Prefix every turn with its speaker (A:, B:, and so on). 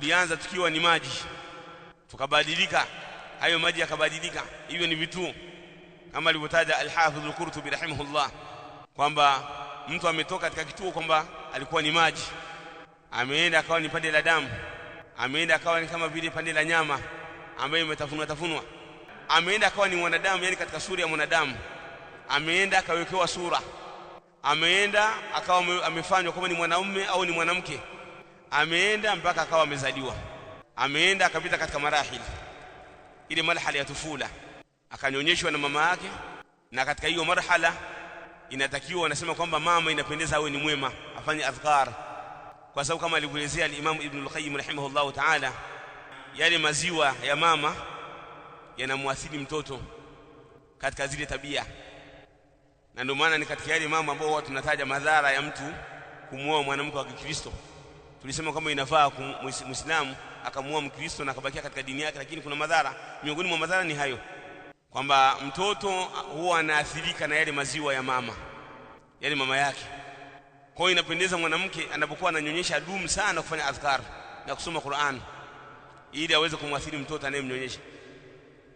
A: tulianza tukiwa ni maji, tukabadilika, hayo maji yakabadilika, hivyo ni vituo kama alivyotaja Alhafidh Alqurtubi rahimahullah kwamba mtu ametoka katika kituo kwamba alikuwa ni maji, ameenda akawa ni pande la damu, ameenda akawa ni kama vile pande la nyama ambayo imetafunwa tafunwa, ameenda akawa ni mwanadamu, yani katika sura ya mwanadamu, ameenda akawekewa sura, ameenda akawa amefanywa kama ni mwanaume au ni mwanamke ameenda mpaka akawa amezaliwa, ameenda akapita katika marahili, ile marhala ya tufula, akanyonyeshwa na mama yake, na katika hiyo marhala inatakiwa wanasema kwamba mama inapendeza awe ni mwema, afanye adhkar, kwa sababu kama alivyoelezea alimamu al Qayyim rahimahullahu taala, yale maziwa ya mama yanamwathiri mtoto katika zile tabia, na ndio maana ni katika yale mama ambao watu tunataja madhara ya mtu kumwoa mwanamke wa Kikristo tulisema kama inafaa muislamu akamua mkristo na akabakia katika dini yake lakini kuna madhara miongoni mwa madhara ni hayo kwamba mtoto huwa anaathirika na yale maziwa ya mama yale mama yake kwa hiyo inapendeza mwanamke anapokuwa ananyonyesha dumu sana kufanya adhkar na kusoma Qur'an ili aweze kumwathiri mtoto anayemnyonyesha